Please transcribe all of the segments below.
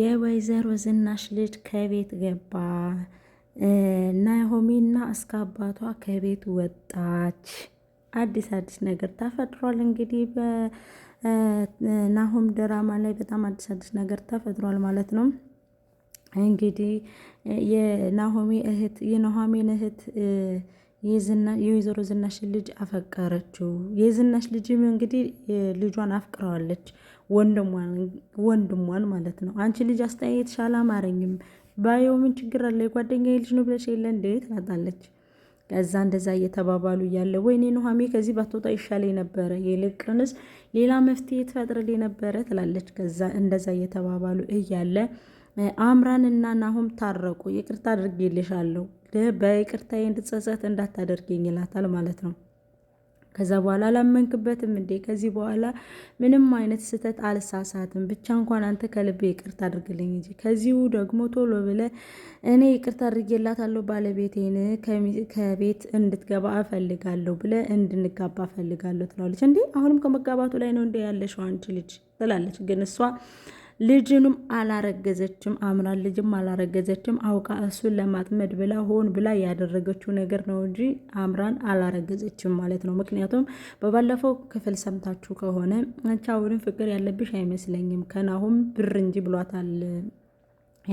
የወይዘሮ ዝናሽ ልጅ ከቤት ገባ። ናሆሚና እስከ አባቷ ከቤት ወጣች። አዲስ አዲስ ነገር ተፈጥሯል። እንግዲህ በናሆም ድራማ ላይ በጣም አዲስ አዲስ ነገር ተፈጥሯል ማለት ነው። እንግዲህ የናሆሚ እህት የናሆሜን እህት የወይዘሮ ዝናሽን ልጅ አፈቀረችው። የዝናሽ ልጅም እንግዲህ ልጇን አፍቅረዋለች፣ ወንድሟን ማለት ነው። አንቺ ልጅ አስተያየትሽ አላማረኝም ባየው ምን ችግር አለ የጓደኛዬ ልጅ ነው ብለሽ የለ እንዴ ትላታለች። ከዛ እንደዛ እየተባባሉ እያለ ወይኔ ኑሃሜ ከዚህ ባትወጣ ይሻለኝ ነበረ፣ ይልቅንስ ሌላ መፍትሄ ትፈጥርልኝ ነበረ ትላለች። ከዛ እንደዛ እየተባባሉ እያለ እና ናሆም ታረቁ። ይቅርታ አድርጌልሻለሁ በይቅርታዬ እንድጸጸት እንዳታደርገኝ ይላታል ማለት ነው። ከዛ በኋላ አላመንክበትም እንዴ? ከዚህ በኋላ ምንም አይነት ስህተት አልሳሳትም፣ ብቻ እንኳን አንተ ከልቤ ይቅርታ አድርግልኝ እንጂ ከዚሁ ደግሞ ቶሎ ብለ እኔ ይቅርታ አድርጌላታለሁ ባለቤቴን ከቤት እንድትገባ እፈልጋለሁ ብለ እንድንጋባ እፈልጋለሁ ትላለች። እንዴ አሁንም ከመጋባቱ ላይ ነው እንደ ያለሽው አንቺ ልጅ ትላለች። ግን እሷ ልጅንም አላረገዘችም። አምራን ልጅም አላረገዘችም። አውቃ እሱን ለማጥመድ ብላ ሆን ብላ ያደረገችው ነገር ነው እንጂ አምራን አላረገዘችም ማለት ነው። ምክንያቱም በባለፈው ክፍል ሰምታችሁ ከሆነ አንቺ አሁንም ፍቅር ያለብሽ አይመስለኝም ከናሁም ብር እንጂ ብሏታል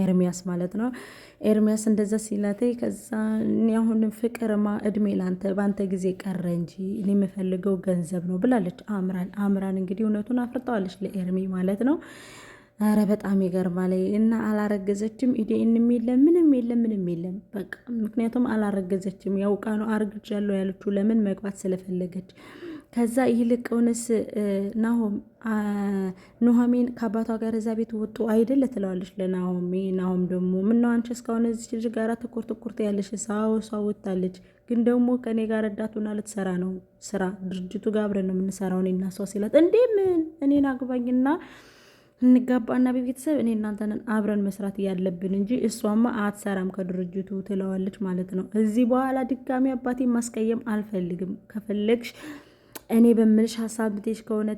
ኤርሚያስ ማለት ነው። ኤርሚያስ እንደዛ ሲላቴ ከዛ አሁን ፍቅርማ እድሜ ላንተ በአንተ ጊዜ ቀረ እንጂ እኔ የምፈልገው ገንዘብ ነው ብላለች አምራን። አምራን እንግዲህ እውነቱን አፍርጠዋለች ለኤርሚ ማለት ነው። አረ በጣም ይገርማል። እና አላረገዘችም፣ ኢዲኤንም የለም ምንም የለም ምንም የለም በቃ። ምክንያቱም አላረገዘችም፣ ያውቃ ነው አርግጃለሁ ያለችው ለምን መግባት ስለፈለገች። ከዛ እውነስ ናሆም ኑሐሚን ከአባቷ ጋር እዛ ቤት ወጡ አይደለ ትለዋለች ለናሆሚ። ናሆም ደግሞ ምነው አንቺ እስካሁን እዚች ልጅ ጋራ ትኩር ትኩርት ያለሽ? ሳወሷ ወታለች፣ ግን ደግሞ ከእኔ ጋር ረዳቱና ልትሰራ ነው ስራ ድርጅቱ ጋር አብረን ነው የምንሰራውን እናሷ ሲላት፣ እንዴ ምን እኔን አግባኝና እንጋባና በቤተሰብ እኔ እናንተንን አብረን መስራት ያለብን እንጂ እሷማ አትሰራም ከድርጅቱ ትለዋለች ማለት ነው። እዚህ በኋላ ድጋሚ አባቴ ማስቀየም አልፈልግም። ከፈለግሽ እኔ በምልሽ ሀሳብ ብቴሽ ከሆነ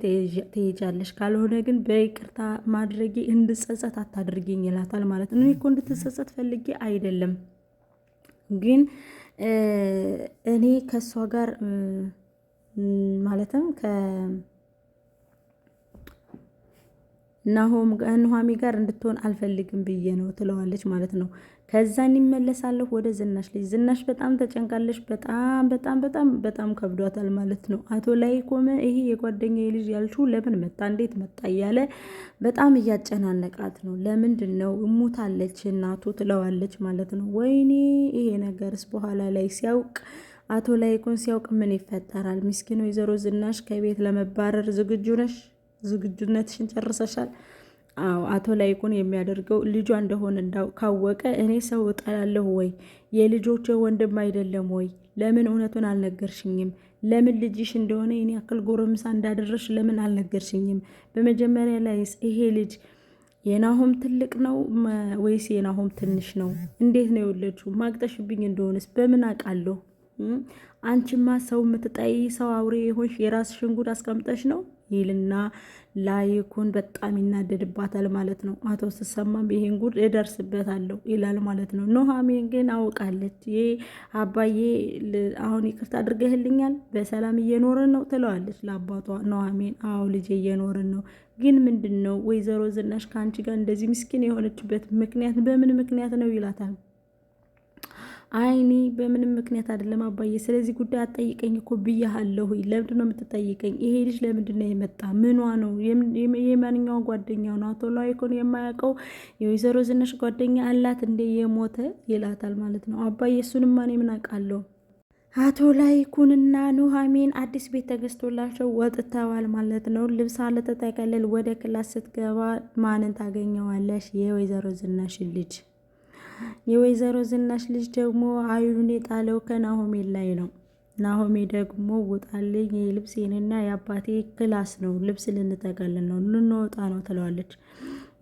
ትሄጃለሽ፣ ካልሆነ ግን በይቅርታ ማድረጌ እንድጸጸት አታድርጊኝ ይላታል ማለት ነው። እኔ እኮ እንድትጸጸት ፈልጌ አይደለም፣ ግን እኔ ከእሷ ጋር ማለትም ናሆም ኑሃሚ ጋር እንድትሆን አልፈልግም ብዬ ነው ትለዋለች ማለት ነው። ከዛን ይመለሳለሁ ወደ ዝናሽ ልጅ። ዝናሽ በጣም ተጨንቃለች። በጣም በጣም በጣም በጣም ከብዷታል ማለት ነው። አቶ ላይ ኮመ ይሄ የጓደኛ ልጅ ያልሽው ለምን መጣ እንዴት መጣ እያለ በጣም እያጨናነቃት ነው። ለምንድን ነው እሙታለች እናቱ ትለዋለች ማለት ነው። ወይኔ ይሄ ነገርስ በኋላ ላይ ሲያውቅ አቶ ላይኩን ሲያውቅ ምን ይፈጠራል? ምስኪን ወይዘሮ ዝናሽ ከቤት ለመባረር ዝግጁ ነሽ ዝግጁነትሽን ጨርሰሻል? አዎ አቶ ላይኩን የሚያደርገው ልጇ እንደሆነ ካወቀ እኔ ሰው እጠላለሁ ወይ? የልጆች ወንድም አይደለም ወይ? ለምን እውነቱን አልነገርሽኝም? ለምን ልጅሽ እንደሆነ የኔ ያክል ጎረምሳ እንዳደረሽ ለምን አልነገርሽኝም? በመጀመሪያ ላይስ ይሄ ልጅ የናሆም ትልቅ ነው ወይስ የናሆም ትንሽ ነው? እንዴት ነው የወለድሽው? ማግጠሽብኝ እንደሆነስ በምን አውቃለሁ? አንቺማ ሰው የምትጠይ ሰው አውሬ የሆንሽ የራስሽን ጉድ አስቀምጠሽ ነው ይልና ላይኩን በጣም ይናደድባታል ማለት ነው። አቶ ስሰማም ይሄን ጉድ እደርስበታለሁ ይላል ማለት ነው። ኑሃሚን ግን አውቃለች። ይ አባዬ አሁን ይቅርታ አድርገህልኛል፣ በሰላም እየኖርን ነው ትለዋለች ለአባቷ ኑሃሚን። አዎ ልጄ እየኖርን ነው ግን ምንድን ነው ወይዘሮ ዝናሽ ከአንቺ ጋር እንደዚህ ምስኪን የሆነችበት ምክንያት በምን ምክንያት ነው ይላታል። አይኒ በምንም ምክንያት አይደለም አባዬ፣ ስለዚህ ጉዳይ አጠይቀኝ እኮ ብያሃለሁ። ለምንድን ነው የምትጠይቀኝ? ይሄ ልጅ ለምንድን ነው የመጣ? ምኗ ነው? የማንኛው ጓደኛ ነው? አቶ ላይኮን የማያውቀው የወይዘሮ ዝነሽ ጓደኛ አላት እንደ የሞተ ይላታል ማለት ነው አባዬ። እሱንማ እኔ ምን አውቃለሁ? አቶ ላይኩንና ኑሐሚን አዲስ ቤት ተገዝቶላቸው ወጥተዋል ማለት ነው። ልብሳ ለተጠቀለል ወደ ክላስ ስትገባ ማንን ታገኘዋለሽ? የወይዘሮ ዝነሽ ልጅ የወይዘሮ ዝናሽ ልጅ ደግሞ አይኑን የጣለው ከናሆሜ ላይ ነው። ናሆሜ ደግሞ ውጣልኝ፣ የልብሴንና የአባቴ ክላስ ነው ልብስ ልንጠቀልን ነው ልንወጣ ነው ትለዋለች።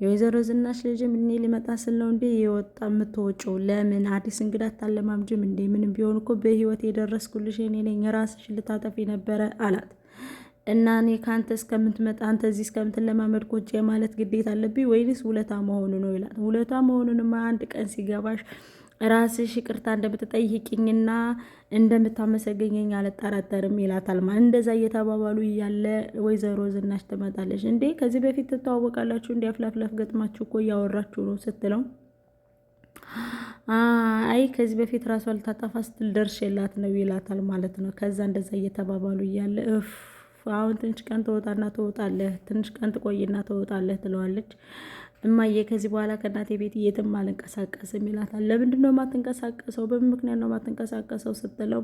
የወይዘሮ ዝናሽ ልጅም እኔ ሊመጣ ስል ነው እንዴ የወጣ የምትወጪው? ለምን አዲስ እንግዳ አታለማምጅም እንዴ? ምንም ቢሆን እኮ በህይወት የደረስኩልሽ እኔ ነኝ፣ ራስሽ ልታጠፊ ነበረ አላት። እና እኔ ከአንተ እስከምትመጣ አንተ እዚህ እስከምትለማመድ ቁጭ የማለት ግዴታ አለብኝ ወይንስ ውለታ መሆኑ ነው ይላል። ውለታ መሆኑንማ አንድ ቀን ሲገባሽ ራስሽ ይቅርታ እንደምትጠይቅኝና እንደምታመሰገኘኝ አልጠራጠርም ይላታል። ማ እንደዛ እየተባባሉ እያለ ወይዘሮ ዝናሽ ትመጣለች። እንዴ ከዚህ በፊት ትተዋወቃላችሁ? እንዲ አፍላፍላፍ ገጥማችሁ እኮ እያወራችሁ ነው ስትለው አይ ከዚህ በፊት ራሷ ልታጠፋ ስትል ደርሼላት ነው ይላታል ማለት ነው። ከዛ እንደዛ እየተባባሉ እያለ እፍ አሁን ትንሽ ቀን ትወጣና ትወጣለህ፣ ትንሽ ቀን ትቆይና ትወጣለህ ትለዋለች። እማዬ ከዚህ በኋላ ከእናቴ ቤት የትም አልንቀሳቀስም ይላታል። ለምንድን ነው የማትንቀሳቀሰው? በምን ምክንያት ነው የማትንቀሳቀሰው ስትለው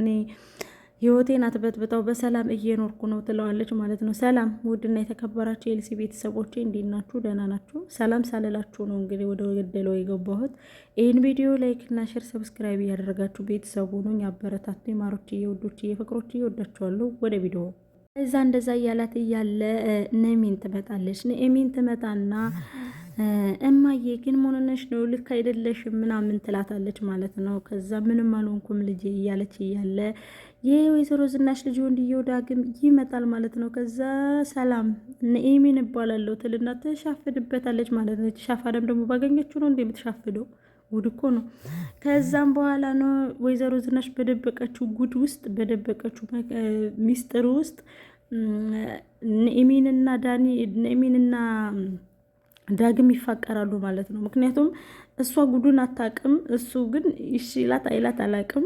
እኔ ህይወቴን አትበጥብጠው በሰላም እየኖርኩ ነው ትለዋለች ማለት ነው። ሰላም ውድና የተከበራቸው የኤልሲ ቤተሰቦቼ እንዴት ናችሁ? ደህና ናችሁ? ሰላም ሳልላችሁ ነው እንግዲህ ወደ ገደለው የገባሁት። ይህን ቪዲዮ ላይክና ሼር፣ ሰብስክራይብ እያደረጋችሁ ቤተሰቡ ነኝ አበረታቱ። ማሮች እየወዶች የፍቅሮች እየወዳችኋለሁ። ወደ ቪዲዮ እዛ እንደዛ እያላት እያለ ነሚን ትመጣለች። ነሚን ትመጣና እማዬ ግን መሆንነሽ ነው ልክ አይደለሽ ምናምን ትላታለች ማለት ነው። ከዛ ምንም አልሆንኩም ልጄ እያለች እያለ የ ወይዘሮ ዝናሽ ልጅ ወንድየው ዳግም ይመጣል ማለት ነው። ከዛ ሰላም ነኤሚን እባላለሁ ትልና ትሻፍድበታለች ማለት ነው። ሻፋደም ደግሞ ባገኘችው ነው እንደ የምትሻፍደው ጉድ እኮ ነው። ከዛም በኋላ ነው ወይዘሮ ዝናሽ በደበቀችው ጉድ ውስጥ በደበቀችው ሚስጥር ውስጥ ኑኤሚንና ዳኒ ኑኤሚንና ዳግም ይፋቀራሉ ማለት ነው። ምክንያቱም እሷ ጉዱን አታቅም እሱ ግን ይሽላት አይላት አላቅም።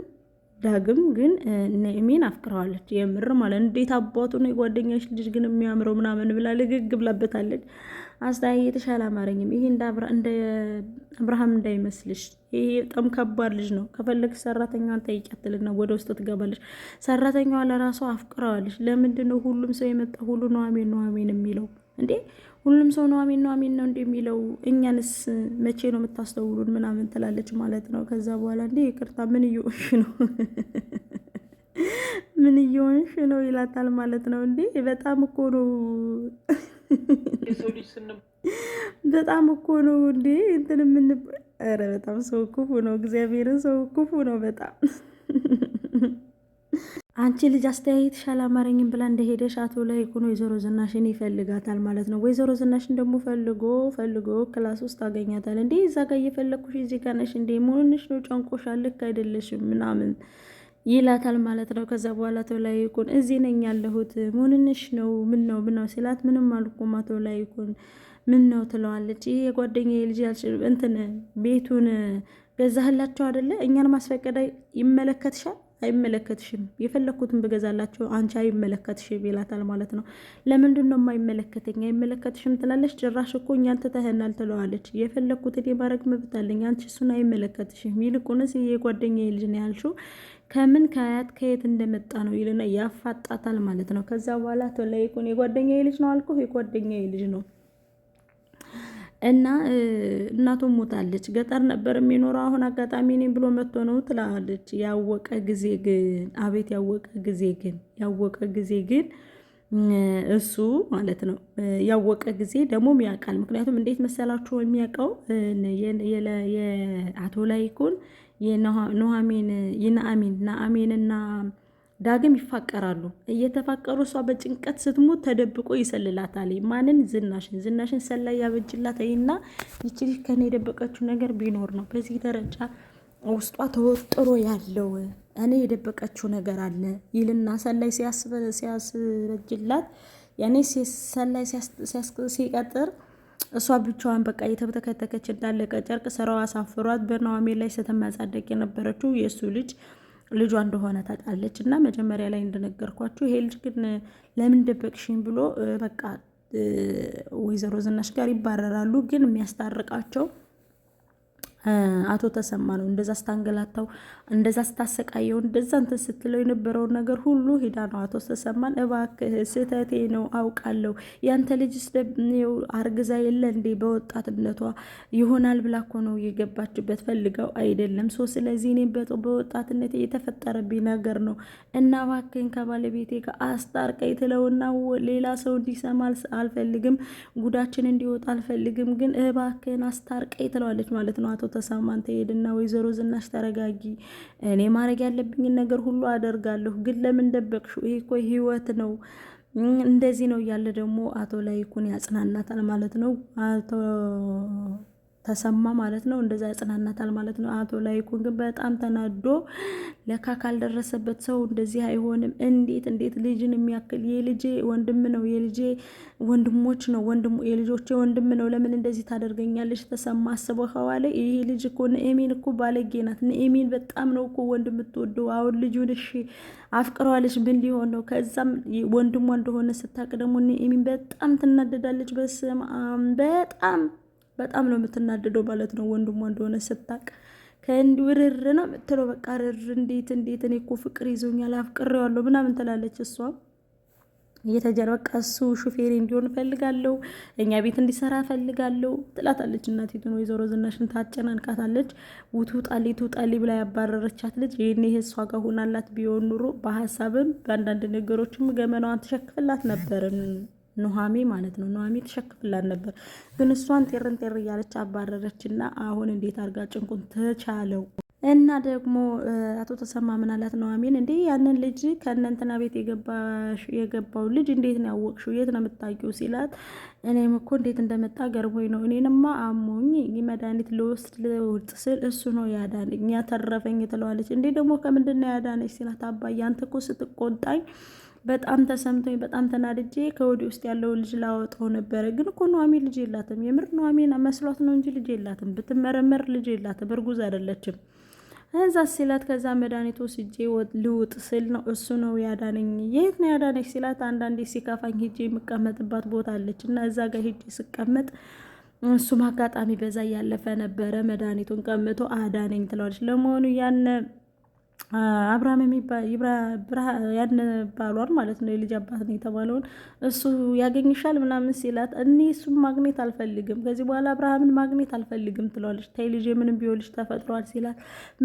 ዳግም ግን ኑኤሚን አፍቅረዋለች። የምር ማለት እንዴት አባቱ ነው የጓደኛሽ ልጅ ግን የሚያምረው ምናምን ብላ ልግግ ብላበታለች። አስተያየ የተሻለ አማረኝም። ይሄ እንደ አብርሃም እንዳይመስልሽ። ይሄ በጣም ከባድ ልጅ ነው። ከፈለግሽ ሰራተኛዋን ጠይቂያትልና ወደ ውስጥ ትገባለች። ሰራተኛዋ ለራሷ አፍቅረዋለች። ለምንድን ነው ሁሉም ሰው የመጣ ሁሉ ኑኤሚን ኑኤሚን የሚለው እንዴ? ሁሉም ሰው ኑሐሚን ኑሐሚን ነው እንደሚለው እኛንስ መቼ ነው የምታስተውሉን? ምናምን ትላለች ማለት ነው። ከዛ በኋላ እንዴ ይቅርታ፣ ምን እየሆንሽ ነው? ምን እየሆንሽ ነው ይላታል ማለት ነው። እንዴ በጣም እኮ ነው በጣም እኮ ነው እንዴ እንትን ምን ኧረ በጣም ሰው ክፉ ነው። እግዚአብሔርን ሰው ክፉ ነው በጣም አንቺ ልጅ አስተያየትሽ አላማረኝም ብላ እንደሄደሽ አቶ ላይኩን ወይዘሮ ዝናሽን ይፈልጋታል ማለት ነው። ወይዘሮ ዝናሽን ደግሞ ፈልጎ ፈልጎ ክላስ ውስጥ አገኛታል። እንዴ እዛ ጋር እየፈለግኩሽ እዚህ ጋር ነሽ እንዴ? ምንንሽ ነው ጨንቆሻ? ልክ አይደለሽም ምናምን ይላታል ማለት ነው። ከዛ በኋላ አቶ ላይኩን እዚህ ነኝ ያለሁት ምንንሽ ነው ምን ነው ምን ነው ሲላት ምንም አልኩም አቶ ላይኩን ምን ነው ትለዋለች። ይህ የጓደኛ ልጅ እንትን ቤቱን ገዛህላቸው አደለ እኛን ማስፈቀደ ይመለከትሻል አይመለከትሽም፣ የፈለግኩትን ብገዛላቸው አንቺ አይመለከትሽም ይላታል ማለት ነው። ለምንድን ነው የማይመለከተኝ አይመለከትሽም ትላለች። ጭራሽ እኮ እኛን ትተኸናል ትለዋለች። የፈለግኩትን የማድረግ መብት አለኝ፣ አንቺ እሱን አይመለከትሽም። ይልቁንስ የጓደኛዬ ልጅ ነው ያልሽው ከምን ከአያት ከየት እንደመጣ ነው ይልና ያፋጣታል ማለት ነው። ከዛ በኋላ ተለይኩን የጓደኛዬ ልጅ ነው አልኩ የጓደኛዬ ልጅ ነው እና እናቶ ሞታለች። ገጠር ነበር የሚኖረው አሁን አጋጣሚ እኔም ብሎ መጥቶ ነው ትላለች። ያወቀ ጊዜ ግን አቤት ያወቀ ጊዜ ግን ያወቀ ጊዜ ግን እሱ ማለት ነው ያወቀ ጊዜ ደግሞም ያውቃል። ምክንያቱም እንዴት መሰላችሁ የሚያውቀው የአቶ ላይኩን የኑሐሚን ይነአሚን ነአሚንና ዳግም ይፋቀራሉ። እየተፋቀሩ እሷ በጭንቀት ስትሞት ተደብቆ ይሰልላታል። ማንን? ዝናሽን። ዝናሽን ሰላይ ያበጅላት እና ይቺ ከኔ የደበቀችው ነገር ቢኖር ነው በዚህ ደረጃ ውስጧ ተወጥሮ ያለው እኔ የደበቀችው ነገር አለ ይልና ሰላይ ሲያስበጅላት ያኔ ሰላይ ሲቀጥር እሷ ብቻዋን በቃ እየተተከተከች እንዳለቀ ጨርቅ ስራዋ አሳፍሯት በኑሃሚን ላይ ስትመጻደቅ የነበረችው የእሱ ልጅ ልጇ እንደሆነ ታውቃለች። እና መጀመሪያ ላይ እንደነገርኳችሁ ይሄ ልጅ ግን ለምን ደበቅሽኝ ብሎ በቃ ወይዘሮ ዝናሽ ጋር ይባረራሉ። ግን የሚያስታርቃቸው አቶ ተሰማ ነው እንደዛ ስታንገላታው እንደዛ ስታሰቃየው እንደዛ እንትን ስትለው የነበረውን ነገር ሁሉ ሂዳ ነው አቶ ተሰማን እባክህ ስህተቴ ነው አውቃለሁ፣ ያንተ ልጅስ አርግዛ የለ እንዴ በወጣትነቷ ይሆናል ብላ እኮ ነው የገባችበት ፈልገው አይደለም ሶ ስለዚህ እኔ በወጣትነት የተፈጠረብኝ ነገር ነው እና እባክህን ከባለቤቴ ጋር አስታርቀኝ ትለውና ሌላ ሰው እንዲሰማ አልፈልግም፣ ጉዳችን እንዲወጣ አልፈልግም፣ ግን እባክህን አስታርቀኝ ትለዋለች ማለት ነው አቶ ተሰማን ትሄድና ወይዘሮ ዝናሽ ተረጋጊ፣ እኔ ማድረግ ያለብኝን ነገር ሁሉ አደርጋለሁ፣ ግን ለምን ደበቅሽው? ይሄ እኮ ህይወት ነው እንደዚህ ነው እያለ ደግሞ አቶ ላይኩን ያጽናናታል ማለት ነው አቶ ተሰማ ማለት ነው። እንደዛ ያጽናናታል ማለት ነው። አቶ ላይኩን ግን በጣም ተናዶ ለካ ካልደረሰበት ሰው እንደዚህ አይሆንም። እንዴት እንዴት ልጅን የሚያክል የልጄ ወንድም ነው የልጄ ወንድሞች ነው ወንድሙ የልጆቼ ወንድም ነው። ለምን እንደዚህ ታደርገኛለች? ተሰማ ከዋለ ይሄ ልጅ እኮ ንኤሚን እኮ ባለጌ ናት። ንኤሚን በጣም ነው እኮ ወንድ የምትወደው። አሁን ልጁን እሺ አፍቅረዋለች፣ ምን ሊሆን ነው? ከዛም ወንድሟ እንደሆነ ስታቅ ደግሞ ንኤሚን በጣም ትናደዳለች። በስም በጣም በጣም ነው የምትናደደው ማለት ነው። ወንድሟ እንደሆነ ስታቅ ከእንዲ ውርር ነው የምትለው። በቃ ርር እንዴት እንዴት እኔ እኮ ፍቅር ይዞኛል አፍቅሬዋለሁ ምናምን ትላለች እሷ እየተጀር በቃ እሱ ሹፌሬ እንዲሆን እፈልጋለሁ፣ እኛ ቤት እንዲሰራ እፈልጋለሁ ትላታለች። እናቲቱን ወይዘሮ ዝናሽን ታጨናንቃታለች። ውትውጣሌ ትውጣሌ ብላ ያባረረቻት ልጅ ይህን ይህ እሷ ጋር ሆናላት ቢሆን ኑሮ በሀሳብም በአንዳንድ ነገሮችም ገመናዋን ትሸክፍላት ነበርን። ኑሃሜ ማለት ነው። ኑሃሜ ተሸክፍላን ነበር፣ ግን እሷን ጤርን ጤር እያለች አባረረች እና አሁን እንዴት አድርጋ ጭንቁን ተቻለው እና ደግሞ አቶ ተሰማ ምን አላት ኑሃሜን፣ እንዴ ያንን ልጅ ከእነንትና ቤት የገባው ልጅ እንዴት ነው ያወቅሽው? የት ነው የምታውቂው? ሲላት እኔም እኮ እንዴት እንደመጣ ገርሞኝ ነው። እኔንማ አሞኝ መድኃኒት ልወስድ ልውጥ ስል እሱ ነው ያዳነኝ ያተረፈኝ ትለዋለች። እንዴ ደግሞ ከምንድን ነው ያዳነች? ሲላት አባዬ አንተ እኮ ስትቆጣኝ በጣም ተሰምቶኝ በጣም ተናድጄ ከወዲ ውስጥ ያለው ልጅ ላወጣው ነበረ። ግን እኮ ኑሐሚ ልጅ የላትም። የምር ኑሐሚን መስሏት ነው እንጂ ልጅ የላትም። ብትመረመር ልጅ የላትም፣ እርጉዝ አይደለችም። እዛ ሲላት ከዛ መድኃኒት ወስጄ ልውጥ ስል ነው እሱ ነው ያዳነኝ። የት ነው ያዳነች ሲላት አንዳንዴ ሲከፋኝ ሂጄ የምቀመጥባት ቦታ አለች እና እዛ ጋር ሂጄ ስቀመጥ እሱም አጋጣሚ በዛ እያለፈ ነበረ መድኃኒቱን ቀምቶ አዳነኝ ትለዋለች። ለመሆኑ ያነ አብርሃም የሚባል ማለት ነው የልጅ አባት ነው የተባለውን እሱ ያገኝሻል ምናምን ሲላት፣ እኔ እሱም ማግኘት አልፈልግም፣ ከዚህ በኋላ አብርሃምን ማግኘት አልፈልግም ትለዋለች። ተይ ልጄ፣ ምንም ልጅ ተፈጥሯል ሲላት፣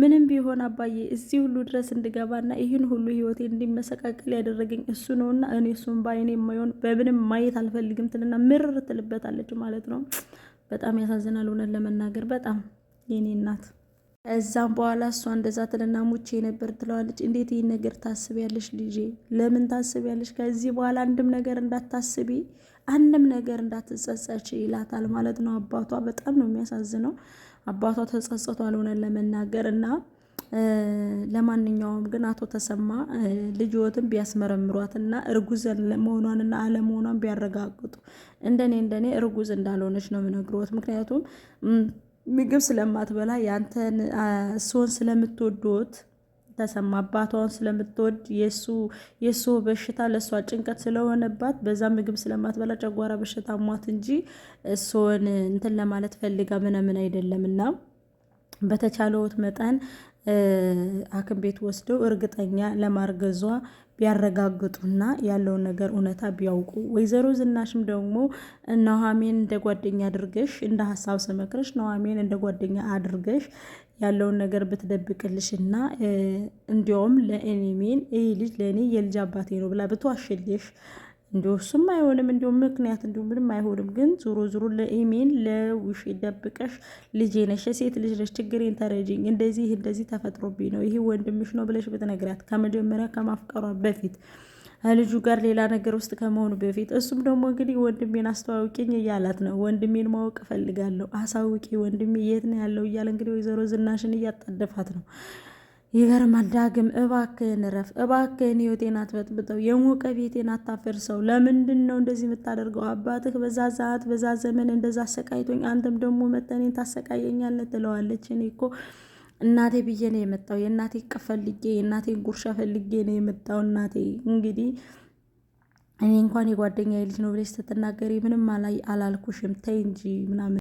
ምንም ቢሆን አባዬ እዚህ ሁሉ ድረስ እንድገባና ይህን ሁሉ ህይወቴ እንዲመሰቃቀል ያደረገኝ እሱ ነውና እኔ እሱም በአይኔ የማይሆን በምንም ማየት አልፈልግም ትልና ምርር ትልበታለች ማለት ነው። በጣም ያሳዝናል፣ እውነት ለመናገር በጣም የኔ እናት እዛም በኋላ እሷ እንደዛ ትልና ሙቼ ነበር ትለዋለች። እንዴት ይህን ነገር ታስቢያለሽ ልጄ? ለምን ታስቢያለሽ? ከዚህ በኋላ አንድም ነገር እንዳታስቢ፣ አንድም ነገር እንዳትጸጸች ይላታል ማለት ነው። አባቷ በጣም ነው የሚያሳዝነው። አባቷ ተጸጸቷል ሆነን ለመናገር እና ለማንኛውም ግን አቶ ተሰማ ልጅዎትን ቢያስመረምሯት እና እርጉዝ መሆኗን እና አለመሆኗን ቢያረጋግጡ፣ እንደኔ እንደኔ እርጉዝ እንዳልሆነች ነው የምነግሮት ምክንያቱም ምግብ ስለማትበላ ያንተን እሱን ስለምትወዶት ተሰማ አባቷን ስለምትወድ የሱ የሱ በሽታ ለእሷ ጭንቀት ስለሆነባት በዛ ምግብ ስለማትበላ ጨጓራ በሽታ ሟት እንጂ እሱን እንትን ለማለት ፈልጋ ምናምን አይደለም እና በተቻለውት መጠን ሐኪም ቤት ወስደው እርግጠኛ ለማርገዟ ቢያረጋግጡና ያለውን ነገር እውነታ ቢያውቁ። ወይዘሮ ዝናሽም ደግሞ ነሐሜን እንደ ጓደኛ አድርገሽ እንደ ሀሳብ ስመክረሽ ነሐሜን እንደ ጓደኛ አድርገሽ ያለውን ነገር ብትደብቅልሽና እንዲያውም ለእኔ ይህ ልጅ ለእኔ የልጅ አባቴ ነው ብላ ብትዋሽልሽ እንዲሁ እሱም አይሆንም፣ እንዲሁ ምክንያት እንዲሁ ምንም አይሆንም። ግን ዞሮ ዞሮ ለኢሜን ለውሽ ደብቀሽ ልጄ ነሽ ሴት ልጅ ነሽ ችግሬን ተረጅኝ እንደዚህ እንደዚህ ተፈጥሮብኝ ነው ይሄ ወንድምሽ ነው ብለሽ ብትነግራት ከመጀመሪያ ከማፍቀሯ በፊት ልጁ ጋር ሌላ ነገር ውስጥ ከመሆኑ በፊት እሱም ደግሞ እንግዲህ ወንድሜን አስተዋውቂኝ እያላት ነው። ወንድሜን ማወቅ እፈልጋለሁ፣ አሳውቂ፣ ወንድሜ የት ነው ያለው እያለ እንግዲህ ወይዘሮ ዝናሽን እያጣደፋት ነው። ይገርማል። ዳግም እባክህን እረፍ፣ እባክህን ህይወቴን አትበጥብጠው፣ የሞቀ ቤቴን አታፈርሰው። ለምንድን ነው እንደዚህ የምታደርገው? አባትህ በዛ ሰዓት በዛ ዘመን እንደዛ አሰቃይቶኝ፣ አንተም ደግሞ መጠኔን ታሰቃየኛለህ ትለዋለች። እኔ እኮ እናቴ ብዬ ነው የመጣው የእናቴ ቅፈልጌ ፈልጌ የእናቴን ጉርሻ ፈልጌ ነው የመጣው። እናቴ እንግዲህ እኔ እንኳን የጓደኛዬ ልጅ ነው ብለሽ ስትናገሪ ምንም አላልኩሽም፣ ተይ እንጂ ምናምን